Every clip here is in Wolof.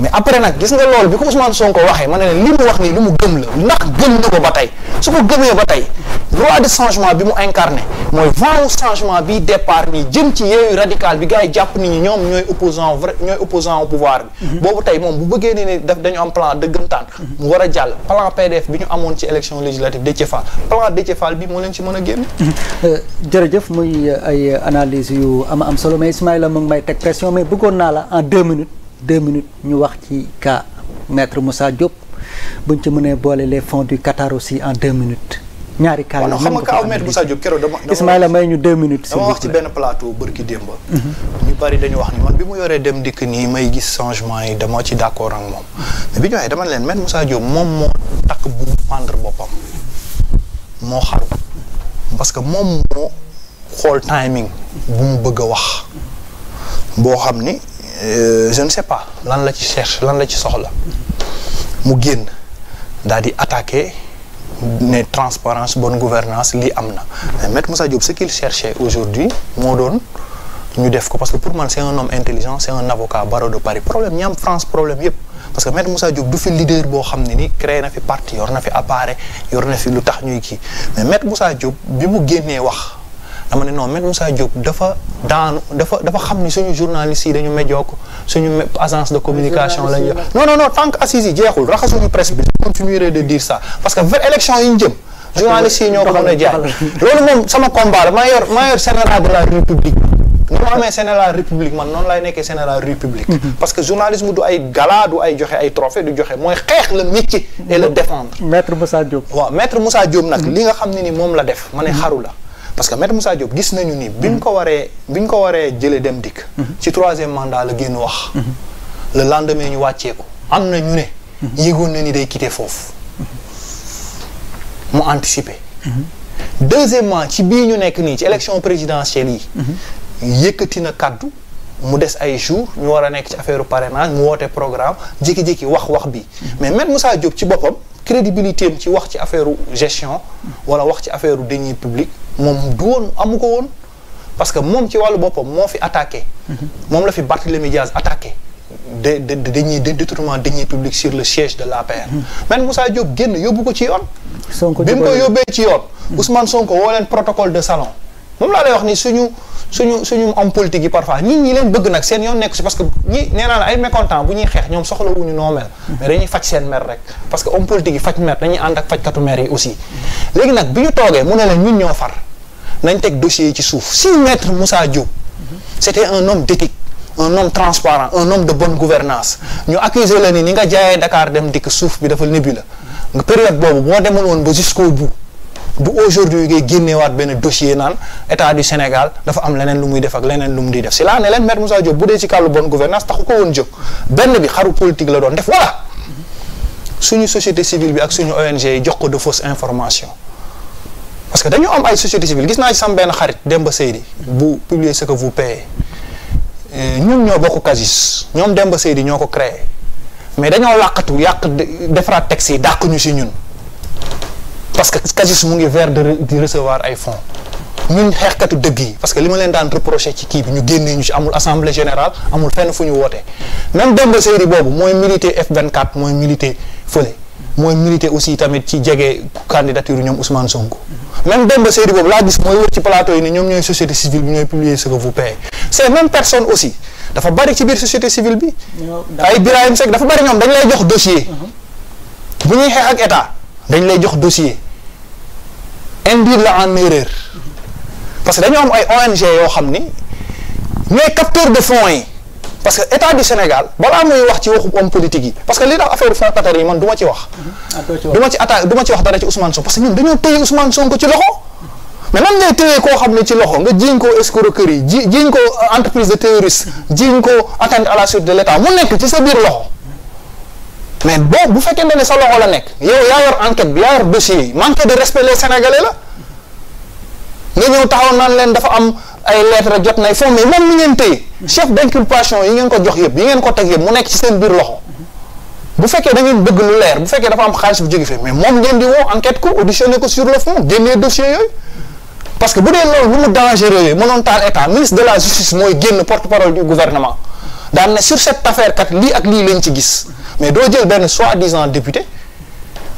mais après nag gis nga loolu bi ko Ousmane Sonko waxee ma ne leen li mu wax nii lu mu gëm la ndax gëm na ko ba tey su ko gëmee ba tey roi de changement bi mu incarné mooy vent changement bi départ nii jëm ci yeeyu radical bi gars yi jàpp nit ñi ñoom ñooy opposant vrai ñooy opposant au pouvoir bi mhm. boobu tey moom bu bëggee ne ne daf dañu am plan dëggantaan mu war a jàll plan pdf bi ñu amoon ci élection législative Déthié Fall plan Déthié Fall bi moo leen ci mën a génn mhm. euh, jërëjëf muy ay yu ama am solo mais Ismaïla mu ngi may teg mais bëggoon naa la en deux minutes deux minutes ñu wax ci cas maître Moussa Diop buñ ci mënee boole les fonds du Qatar aussi en deux minutes. ñaari cas la xam nga kaaw maître Moussa Diop keroog dama. Ismaïla may ñu deux minutes. dama wax ci benn plateau bërki démb. Mhm. ñu bari dañu wax ni man bi mu yoree dem ndikk nii may gis changement yi dama ci d' accord ak moom mais bi ñu waxee dama leen maître Moussa Diop moom moo takk bu pendre boppam moo xaru parce que moom moo xool timing bu mu bëgg a wax boo xam ni. Euh, je ne sais pas lan la ci cherche lan la ci soxla mu génn daal di attaquer ne transparence bonne gouvernance lii am na mais maître Moussa Diop ce qu'il cherchait aujourd'hui moo doon ñu def ko parce que pour man c'est un homme intelligent c'est un avocat barreau de Paris problème ñi am France problème yépp parce que maître Moussa Diop du fi leader boo xam ne ni créé na fi parti yor na fi appareil yor na fi lu tax ñuy kii mais maître Moussa bi mu génnee wax dama ne noon maître Moussa daanu dafa dafa xam ni suñu journalistes yi dañu médiocre suñu agence de communication lañu yor non non non yi jeexul raxasuñu presse bi je de dire ça parce que élection yi ñu jëm yi ñoo ko mën a jaay loolu moom sama combat la maa yor maa yor général de la république amee général république man noonu lay nekkee général république mm-hmm. parce que journalisme du ay gala du ay joxe ay trophée du joxe mooy xeex le métier et le mm-hmm. défendre maître Moussa Diop waaw maître Moussa Diop nag mm-hmm. li nga xam ne ni moom la def ma ne xaru la parce que maître Moussa Diop gis nañu ni. bi ñu ko waree bi ñu ko waree jëlee dem dikk. ci troisième mandat la génn wax. le lendemain ñu wàccee ko am na ñu ne. yëgoon na ni day quitter foofu. mu anticiper. deuxièmement ci bii ñu nekk nii ci élection présidentielle yi. yëkkati na kàddu mu des ay jours ñu war a nekk ci affaire parrainage mu woote programme jékki-jékki wax wax bi mais maître musa Diop ci boppam crédibilité am ci wax ci affaire gestion wala wax ci affaire deniers publics moom du woon amu ko woon parce que moom ci wàllu boppam moo fi attaqué. moom la fi Barthélémy Diaz attaqué. de de de dañuy détournement dañuy public sur le siège de l'APR. man Moussa Diop génn yóbbu ko ci yoon. Sonko bi mu ko yóbbee ci yoon. Hmm. Ousmane Sonko woo leen protocole de salon. moom laa lay wax ni suñu suñu suñu homme politique yi parfois ñi ñi leen bëgg nag seen yoon nekku si parce que ñi nee naa la ay mécontent bu ñuy xeex ñoom soxla wuñu noo mel. Hmm. mais dañuy faj seen mer rek parce que homme politique yi faj mer dañuy ànd ak fajkatu mer yi aussi. léegi nag bi ñu toogee mu ne leen ñun ñoo far. nañ teg dossier yi ci suuf si maître Moussa Diop c'était un homme d'éthique un homme transparent un homme de bonne gouvernance ñu accuser la ni ni nga jaayee Dakar dem dikk suuf bi dafa nébu la nga période boobu boo demoon woon ba jusqu'au bout bu aujourd'hui ngay génneewaat benn dossier naan état du Sénégal dafa am leneen lu muy def ak leneen lu mu di def si laa ne leen maître Moussa Diop bu dee ci kàllu bonne gouvernance taxu ko woon jóg benn bi xaru politique la doon def voilà suñu société civile bi ak suñu ONG jox ko de fausses informations parce que dañu am ay société civile gis naa ci sama benn xarit Demba Seydi bu publier ce que vous payez euh, ñoo bokk CASIS ñoom Demba Seydi ñoo ko créé mais dañoo làqatu yàq defaraat texte yi dàq ñu si ñun parce que CASIS mu ngi vers de recevoir ay fonds ñun xeexkatu dëgg yi parce que li ma leen daan reproché ci kii bi ñu génnee ñu ci amul assemblée générale amul fenn fu ñu woote même Demba Seydi boobu mooy milité F24 mooy milité fële mooy milité aussi tamit ci jege candidature ñoom Ousmane Sonko. même Demba Seydi boobu laa gis mooy wër ci plateau yi ni ñoom ñooy société civile bi ñooy publier ce que vous payez ces mêmes personnes aussi dafa bari ci biir société civile bi. ay Birahim Seck dafa bari ñoom dañ lay jox dossier. Uh-huh. bu ñuy xeex ak état dañ lay jox dossier. induire la en erreur. Uh-huh. parce que dañoo am ay ONG yoo xam ni ñooy capteur de fonds yi. parce que état du Sénégal balaa muy wax ci waxu homme politique yi parce que li tax affaire fonds Qatar yi man du ci wax. Mm-hmm. du ci attaque du ci wax dara ci Ousmane Sonko parce que ñun dañoo téye Ousmane Sonko ci loxo. mais nan ngay téye koo xam ne ci loxo nga jiiñ ko escroquerie ji jiiñ ko entreprise de terroriste jiiñ ko atteinte à la sûreté de l' mu nekk ci sa biir loxo. mais boo bu fekkente ne sa loxo la nekk yow yaa yor enquête bi yaa manque de respect les sénégalais la leen dafa am. ay lettre jot nay foofu mais moom mi ngeen téye chef d'inculpation yi ngeen ko jox yëpp yi ngeen ko teg yëpp mu nekk ci seen biir loxo bu fekkee da bëgg lu leer bu fekkee dafa am xaalis bu jóge fee mais moom ngeen di woo enquête ko auditionné ko sur le fond génnee dossier yooyu parce que bu dee loolu mu dangereux yooyu mënoon taal état ministre de la justice mooy génn porte-parole du gouvernement daan ne sur cette affaire kat lii ak lii ci gis mais doo jël benn soi-disant député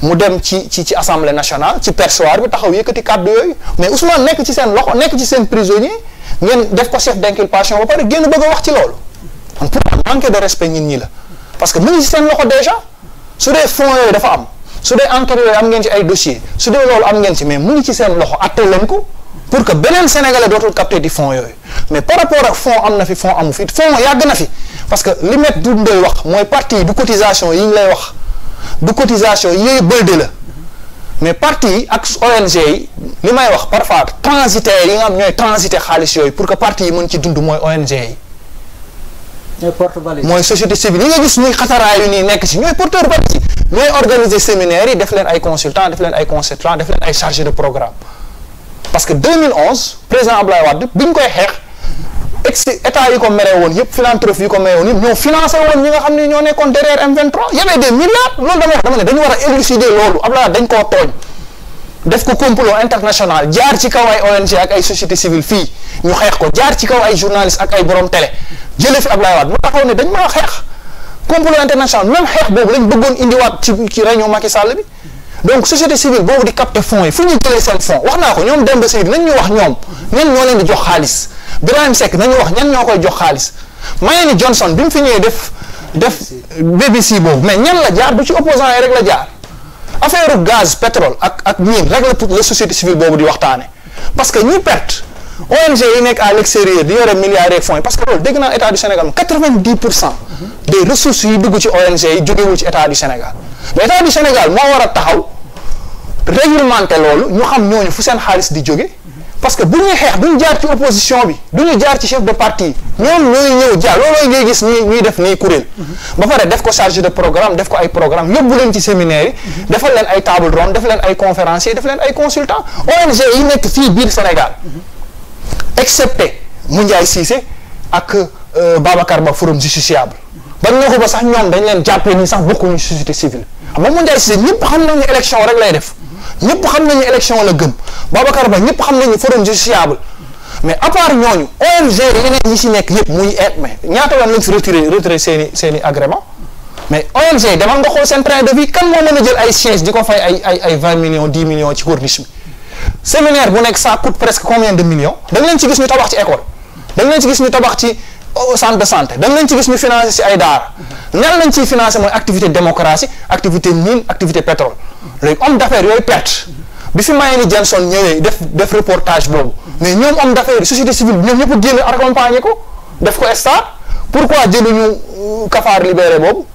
mu dem ci ci ci assemblée nationale ci perchoir bi taxaw yëkkati kàddu yooyu mais Ousmane ci seen loxo nekk ci seen prisonnier ngeen def ko chef d'inculpation ba pare génn bëgg a wax ci loolu kon pour manquer de la parce que mu ngi seen loxo déjà su dee fonds yooyu dafa am su dee enquêtes yooyu am ngeen ci ay dossiers su dee loolu am ngeen si mais mu ngi ci seen loxo atte leen ko pour que beneen sénégalais dootul capter di fonds yooyu mais par rapport ak fonds am na fi fonds amu fi fonds yàgg na fi parce que li met du ndoy wax mooy parti du cotisation yi ñu lay wax bu cotisation yooyu bëlde la mais parti yi ak ONG yi li may wax parfois transitaires yi nga xam ñooy transiter xaalis yooyu pour que parti yi mën ci dund mooy ONG yi. ñooy mooy société civile yi nga gis ñuy xataraay yu nii nekk ci ñooy porteur valise yi ñooy organiser séminaires yi def leen ay consultants def leen ay consultants def leen ay chargés de programme parce que 2011 président Abdoulaye Wade bi ñu koy xeex. ex état yi ko mere woon yëpp philanthropie yi ko mere woon yëpp ñoo financé woon ñi nga xam ne ñoo nekkoon derrière M23 y avait des milliards loolu dama wax dama ne dañu war a élucider loolu Abdoulaye dañ koo tooñ def ko complot international jaar ci kaw ay ONG ak ay société civile fii ñu xeex ko jaar ci kaw ay journaliste ak ay borom télé jële fi Abdoulaye Wade mu taxaw ne dañ maa xeex complot international même xeex boobu lañ bëggoon indiwaat ci ci réunion Macky Sall bi donc société naa ko ñoom Demba leen di jox xaalis Birahim Seck nañu wax ñan ñoo koy jox xaalis Mayeni Johnson bi mu fi ñëwee def def BBC boobu mais ñan la jaar du ci opposant yi rek la jaar affaire gaz pétrole ak ak mine rek la la société civile boobu di waxtaane parce que ñu perte ONG yi nekk à l'extérieur di yore milliards yeeg fonds yi parce que loolu dégg naa état du Sénégal moom quatre-vingt-dix pour cent des yi dugg ci ONG yi jógewul ci état du Sénégal mais état du Sénégal moo war a taxaw réglementer loolu ñu xam ñooñu fu seen xaalis di jóge parce que bu ñuy xeex duñu jaar ci opposition bi duñu jaar ci chef de parti ñoom ñooy ñëw jaar loolooy ngay gis ñuy ñuy def nii kuréel ba pare def ko chargé de programme def ko ay programme yóbbu leen ci séminaire yi defal leen ay table ronde def leen ay conférencier def leen ay consultant ONG yi nekk fii biir Sénégal excepté Moundiaye Cissé ak euh, Babacar Ba forum justiciable bañ ñoo ko ba sax ñoom dañ leen jàppee ni sax bokkuñu société civile xam nga Moundiaye ñëpp xam nañu élection rek lay def ñëpp xam nañu élection la gëm Babacar Ba ñëpp xam nañu ne forum justiciable mais à part ñooñu ONG yeneen yi si nekk yëpp muy eh, mais ñaata yoon lañ fi retiré retiré seen i seen mais ONG demal nga xool seen train de vie kan moo mën a jël ay sièges di ko fay ay ay ay vingt millions dix millions ci corniche bi séminaire bu nekk ça coûte presque combien de millions da nga leen ci gis ñu tabax ci école da leen ci gis ñu tabax ci euh, centre de santé da nga leen ci gis ñu financé ci ay lañ ciy financé mooy activité démocratie activité activité pétrole léegi homme bi fi Mayeli Jenson ñëwee def def reportage boobu mais ñoom am d'affaires société civile ñoom ñëpp génn accompagner ko def ko star pourquoi jëluñu Cafard euh, libéré boobu.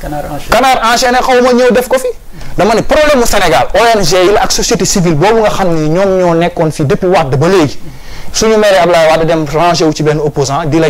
Canard enchaîné xaw ma ñëw def ko fi. dama ne problème mu Sénégal ONG yi la ak société civile boobu nga xam ni ñoom ñoo nekkoon fii depuis Wade ba léegi suñu maire Abdoulaye Wade dem rangé wu ci benn opposant di la